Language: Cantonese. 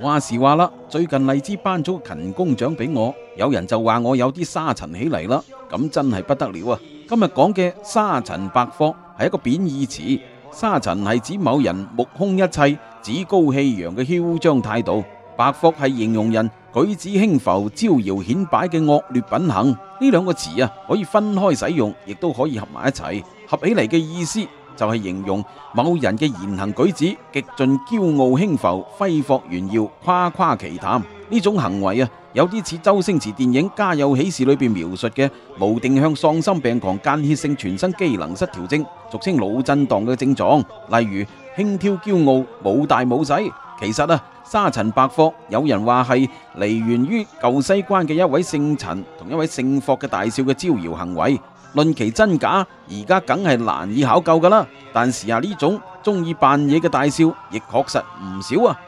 話時話啦，最近荔枝頒咗個勤工獎俾我，有人就話我有啲沙塵起嚟啦，咁真係不得了啊！今日講嘅沙塵白霍係一個貶義詞，沙塵係指某人目空一切、趾高氣揚嘅囂張態度，白霍係形容人舉止輕浮、招搖顯擺嘅惡劣品行。呢兩個詞啊，可以分開使用，亦都可以合埋一齊，合起嚟嘅意思，就係形容某人嘅言行舉止極盡驕傲輕浮、揮霍炫耀、誇誇其談，呢種行為啊，有啲似周星馳電影《家有喜事》裏邊描述嘅無定向喪心病狂、間歇性全身機能失調症，俗稱腦震盪嘅症狀，例如輕佻驕傲、冇大冇細。其實啊，沙塵白霍有人話係嚟源於舊西關嘅一位姓陳同一位姓霍嘅大少嘅招搖行為，論其真假，而家梗係難以考究噶啦。但時下呢種中意扮嘢嘅大少亦確實唔少啊。